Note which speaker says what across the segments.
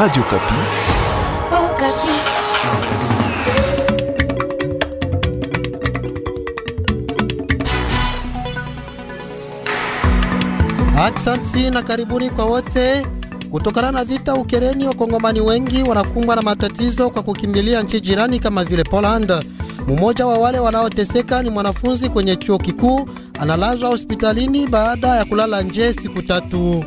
Speaker 1: Radio Kapi.
Speaker 2: Oh, Kapi.
Speaker 3: Aksanti na karibuni kwa wote. Kutokana na vita Ukereni, wakongomani wengi wanakumbwa na matatizo kwa kukimbilia nchi jirani kama vile Poland. Mmoja wa wale wanaoteseka ni mwanafunzi kwenye chuo kikuu, analazwa hospitalini baada ya kulala nje siku tatu.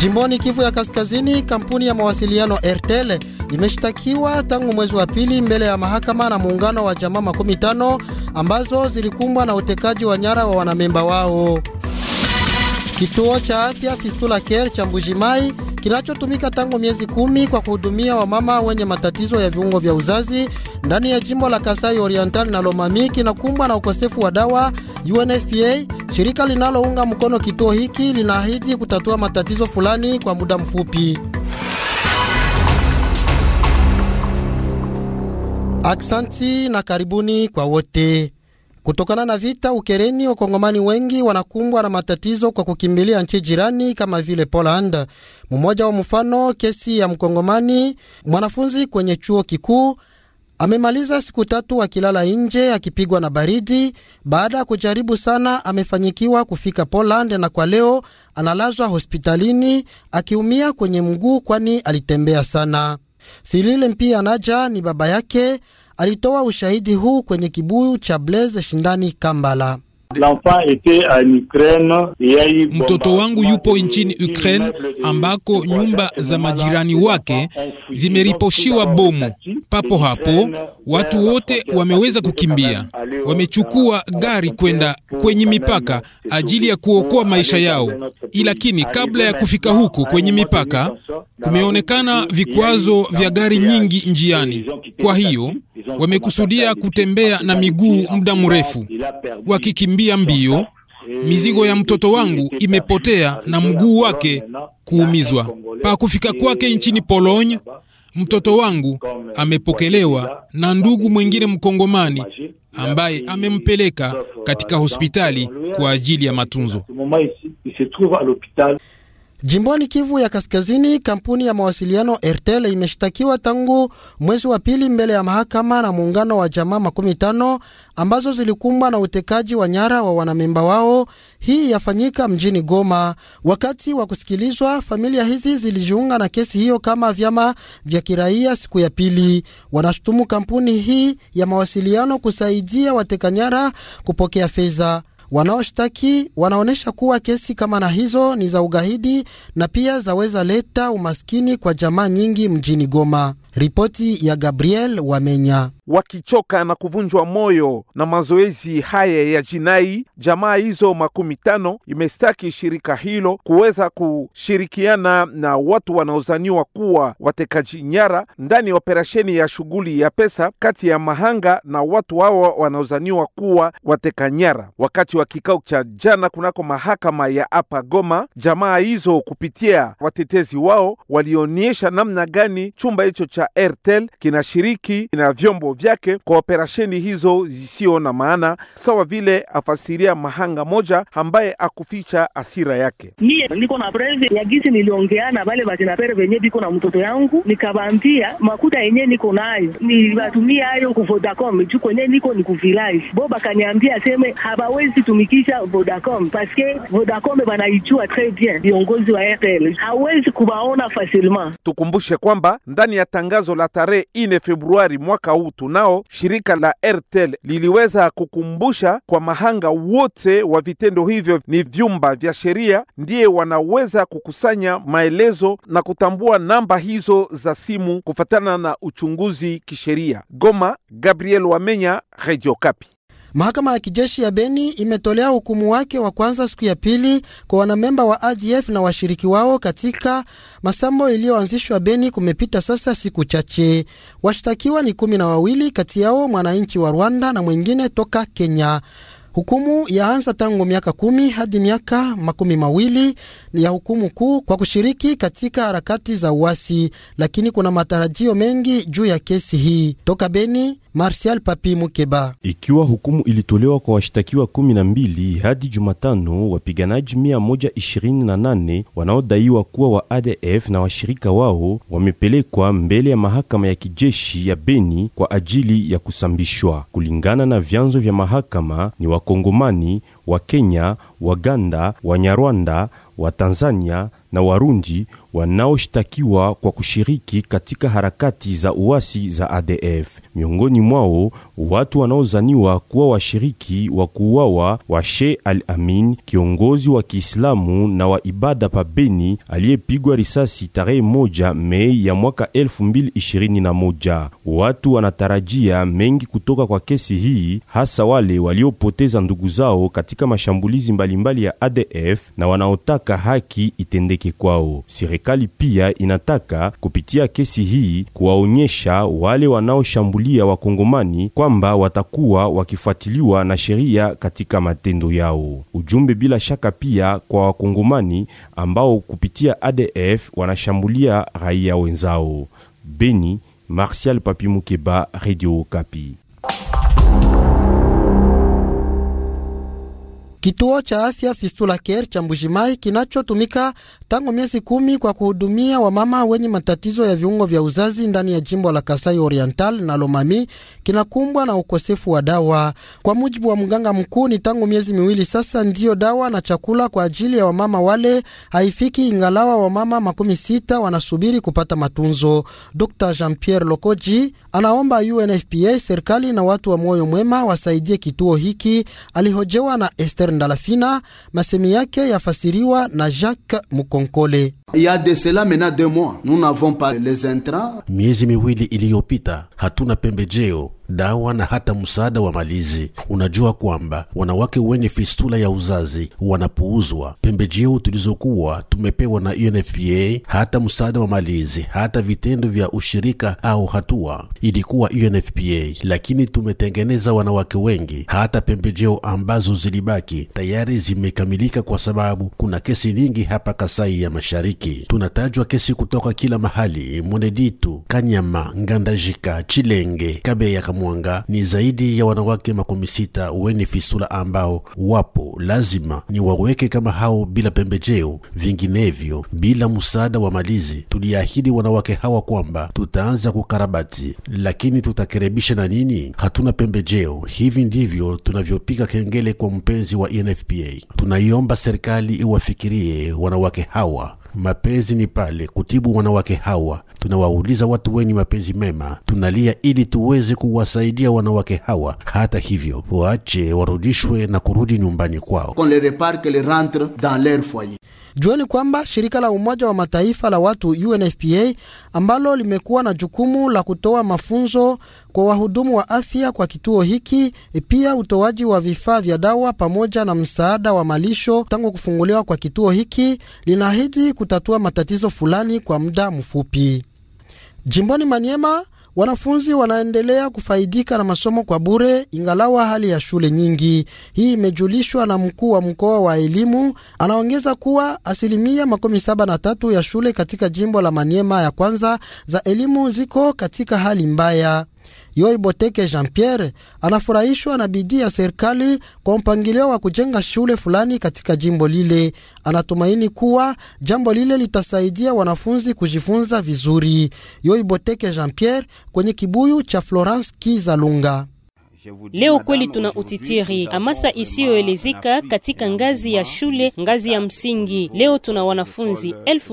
Speaker 3: Jimboni Kivu ya Kaskazini, kampuni ya mawasiliano Airtel imeshtakiwa tangu mwezi wa pili mbele ya mahakama na muungano wa jamaa makumi tano ambazo zilikumbwa na utekaji wa nyara wa wanamemba wao. Kituo cha afya Fistula Care cha Mbujimai kinachotumika tangu miezi kumi kwa kuhudumia wamama wenye matatizo ya viungo vya uzazi ndani ya jimbo la Kasai Oriental lomami kinakumbwa na ukosefu wa dawa. UNFPA, shirika linalounga mkono kituo hiki, linaahidi kutatua matatizo fulani kwa muda mfupi. Aksanti na karibuni kwa wote. Kutokana na vita Ukereni, wakongomani wengi wanakumbwa na matatizo kwa kukimbilia nchi jirani kama vile Poland. Mmoja wa mfano, kesi ya mkongomani mwanafunzi kwenye chuo kikuu amemaliza siku tatu akilala nje akipigwa na baridi. Baada ya kujaribu sana, amefanyikiwa kufika Poland na kwa leo analazwa hospitalini akiumia kwenye mguu, kwani alitembea sana. Silile Mpia Naja ni baba yake alitoa ushahidi huu kwenye kibuyu cha Blaise Shindani Kambala.
Speaker 4: Mtoto wangu
Speaker 5: yupo nchini Ukraine ambako nyumba za majirani wake zimeriposhiwa bomu. Papo hapo watu wote wameweza kukimbia, wamechukua gari kwenda kwenye mipaka ajili ya kuokoa maisha yao. lakini kabla ya kufika huko kwenye mipaka, kumeonekana vikwazo vya gari nyingi njiani, kwa hiyo Wamekusudia kutembea na miguu muda mrefu, wakikimbia mbio. Mizigo ya mtoto wangu imepotea na mguu wake kuumizwa. Pa kufika kwake nchini Pologne, mtoto wangu amepokelewa na ndugu mwingine mkongomani ambaye amempeleka katika hospitali kwa ajili ya matunzo.
Speaker 3: Jimboni Kivu ya Kaskazini, kampuni ya mawasiliano Airtel imeshtakiwa tangu mwezi wa pili mbele ya mahakama na muungano wa jamaa makumi tano ambazo zilikumbwa na utekaji wa nyara wa wanamemba wao. Hii yafanyika mjini Goma. Wakati wa kusikilizwa, familia hizi zilijiunga na kesi hiyo kama vyama vya kiraia. Siku ya pili, wanashutumu kampuni hii ya mawasiliano kusaidia wateka nyara kupokea fedha. Wanaoshtaki wanaonyesha kuwa kesi kama na hizo ni za ugaidi na pia zaweza leta umaskini kwa jamaa nyingi mjini Goma. Ripoti ya Gabriel Wamenya.
Speaker 1: Wakichoka na kuvunjwa moyo na mazoezi haya ya jinai, jamaa hizo makumi tano imestaki shirika hilo kuweza kushirikiana na watu wanaozaniwa kuwa watekaji nyara ndani ya operesheni ya shughuli ya pesa kati ya mahanga na watu hawa wanaozaniwa kuwa wateka nyara. Wakati wa kikao cha jana kunako mahakama ya hapa Goma, jamaa hizo kupitia watetezi wao walionyesha namna gani chumba hicho cha Airtel kinashiriki na vyombo vyake kwa operesheni hizo zisio na maana, sawa vile afasiria mahanga moja ambaye akuficha asira yake. Mie niko na preve ya
Speaker 2: gisi, niliongea na vale vatinapere venye viko na mtoto yangu, nikavambia makuta yenye niko nayo nilivatumia ayo ku Vodacom juu kwenye niko ni kuvilaji bo, bakaniambia seme habawezi tumikisha Vodacom paske Vodacom banaijua tres bien viongozi wa Airtel, hawezi kubaona facilement.
Speaker 1: Tukumbushe kwamba ndani ya tang tangazo la tarehe 4 Februari mwaka huu tunao, shirika la rtel liliweza kukumbusha kwa mahanga wote wa vitendo hivyo ni vyumba vya sheria, ndiye wanaweza kukusanya maelezo na kutambua namba hizo za simu kufatana na uchunguzi kisheria. Goma, Gabriel Wamenya, Radio Kapi.
Speaker 3: Mahakama ya kijeshi ya Beni imetolea hukumu wake wa kwanza siku ya pili kwa wanamemba wa ADF na washiriki wao katika masambo iliyoanzishwa Beni. Kumepita sasa siku chache, washtakiwa ni kumi na wawili, kati yao mwananchi wa Rwanda na mwingine toka Kenya. Hukumu yaanza tangu miaka kumi hadi miaka makumi mawili ya hukumu kuu kwa kushiriki katika harakati za uasi, lakini kuna matarajio mengi juu ya kesi hii. Toka Beni, Martial Papi Mukeba.
Speaker 4: Ikiwa hukumu ilitolewa kwa washtakiwa kumi na mbili hadi Jumatano, wapiganaji 128 wanaodaiwa kuwa wa ADF na washirika wao wamepelekwa mbele ya mahakama ya kijeshi ya Beni kwa ajili ya kusambishwa. Kulingana na vyanzo vya mahakama ni wa Wakongomani, kenya Waganda, Wanyarwanda, tanzania na Warundi wanaoshtakiwa kwa kushiriki katika harakati za uasi za ADF. Miongoni mwao watu wanaozaniwa kuwa washiriki wa kuuawa wa Sheikh Al-Amin, kiongozi wa Kiislamu na wa ibada pabeni aliyepigwa risasi tarehe moja Mei ya mwaka 2021. Watu wanatarajia mengi kutoka kwa kesi hii, hasa wale waliopoteza ndugu zao katika mashambulizi mbalimbali mbali ya ADF na wanaotaka haki itendeke kwao Sirika serikali pia inataka kupitia kesi hii kuwaonyesha wale wanaoshambulia wakongomani kwamba watakuwa wakifuatiliwa na sheria katika matendo yao. Ujumbe bila shaka pia kwa wakongomani ambao kupitia ADF wanashambulia raia wenzao. Beni, Martial Papi Mukeba, Radio Kapi.
Speaker 3: Kituo cha afya Fistula Care cha mbujimai kinachotumika tangu miezi kumi kwa kuhudumia wamama wenye matatizo ya viungo vya uzazi ndani ya jimbo la Kasai Oriental na Lomami kinakumbwa na ukosefu wa dawa. Kwa mujibu wa mganga mkuu, ni tangu miezi miwili sasa ndiyo dawa na chakula kwa ajili ya wamama wale haifiki, ingalawa wamama makumi sita wanasubiri kupata matunzo. Dr Jean Pierre Lokoji anaomba UNFPA, serikali na watu wa moyo mwema wasaidie kituo hiki. Alihojewa na Esther Ndalafina, masemi yake yafasiriwa na Jacques Mukonkole.
Speaker 6: Miezi miwili iliyopita hatuna pembejeo dawa na hata msaada wa malizi. Unajua kwamba wanawake wenye fistula ya uzazi wanapuuzwa. Pembejeo tulizokuwa tumepewa na UNFPA, hata msaada wa malizi, hata vitendo vya ushirika au hatua ilikuwa UNFPA, lakini tumetengeneza wanawake wengi. Hata pembejeo ambazo zilibaki tayari zimekamilika, kwa sababu kuna kesi nyingi hapa Kasai ya Mashariki. Tunatajwa kesi kutoka kila mahali: Mweneditu, Kanyama, Ngandajika, Chilenge, Kabeya Mwanga ni zaidi ya wanawake makumi sita wenye fisula ambao wapo lazima ni waweke kama hao bila pembejeo, vinginevyo bila msaada wa malizi. Tuliahidi wanawake hawa kwamba tutaanza kukarabati, lakini tutakerebisha na nini? Hatuna pembejeo. Hivi ndivyo tunavyopiga kengele kwa mpenzi wa NFPA. Tunaiomba serikali iwafikirie wanawake hawa. Mapenzi ni pale kutibu wanawake hawa. Tunawauliza watu wenye mapenzi mema, tunalia ili tuweze kuwasaidia wanawake hawa. Hata hivyo, waache warudishwe na kurudi nyumbani kwao.
Speaker 3: rentre dans foyer Jueni kwamba shirika la Umoja wa Mataifa la watu UNFPA ambalo limekuwa na jukumu la kutoa mafunzo kwa wahudumu wa afya kwa kituo hiki, e, pia utoaji wa vifaa vya dawa pamoja na msaada wa malisho tangu kufunguliwa kwa kituo hiki, linaahidi kutatua matatizo fulani kwa muda mfupi. Jimboni Maniema wanafunzi wanaendelea kufaidika na masomo kwa bure, ingalawa hali ya shule nyingi. Hii imejulishwa na mkuu wa mkoa wa elimu. Anaongeza kuwa asilimia makumi saba na tatu ya shule katika jimbo la Maniema ya kwanza za elimu ziko katika hali mbaya. Yoi Boteke Jean Pierre anafurahishwa na bidii ya serikali kwa mpangilio wa kujenga shule fulani katika jimbo lile. Anatumaini kuwa jambo lile litasaidia wanafunzi kujifunza vizuri. Yoi Boteke Jean Pierre kwenye kibuyu cha Florence Kizalunga.
Speaker 2: Leo kweli tuna utitiri, hamasa isiyoelezeka katika ngazi ya shule, ngazi ya msingi. Leo tuna wanafunzi elfu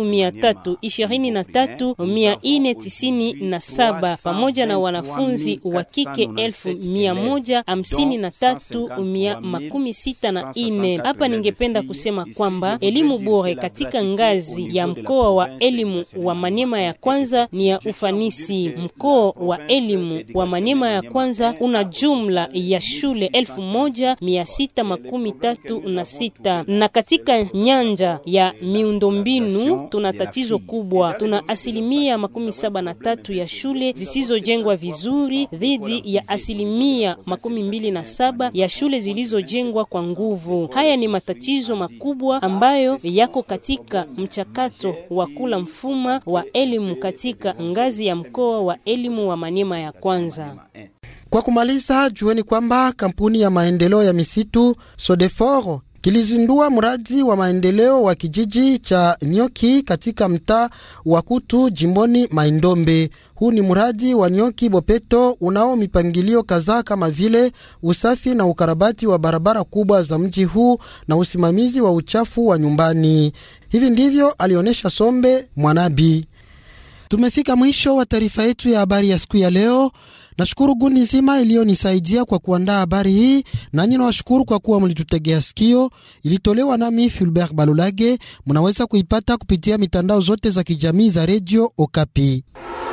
Speaker 2: pamoja na wanafunzi wa kike elfu Hapa ningependa kusema kwamba elimu bore katika ngazi ya mkoa wa elimu wa manema ya kwanza ni ya ufanisi. Mkoa wa elimu wa manema ya kwanza una jumla jumla ya shule elfu moja mia sita makumi tatu na sita na katika nyanja ya miundombinu tuna tatizo kubwa. Tuna asilimia makumi saba na tatu ya shule zisizojengwa vizuri dhidi ya asilimia makumi mbili na saba ya shule zilizojengwa kwa nguvu. Haya ni matatizo makubwa ambayo yako katika mchakato wa kula mfuma wa elimu katika ngazi ya mkoa wa elimu wa manima ya kwanza.
Speaker 3: Kwa kumaliza, jueni kwamba kampuni ya maendeleo ya misitu Sodeforo kilizindua mradi wa maendeleo wa kijiji cha Nyoki katika mtaa wa Kutu jimboni Maindombe. Huu ni mradi wa Nyoki Bopeto unao mipangilio kadhaa kama vile usafi na ukarabati wa barabara kubwa za mji huu na usimamizi wa uchafu wa nyumbani. Hivi ndivyo alionyesha Sombe Mwanabi. Tumefika mwisho wa taarifa yetu ya habari ya siku ya leo. Nashukuru gundi nzima iliyonisaidia kwa kuandaa habari hii, nanyi nawashukuru kwa kuwa mlitutegea sikio. Ilitolewa nami Fulbert Balulage. mnaweza kuipata kupitia mitandao zote za kijamii za redio Okapi.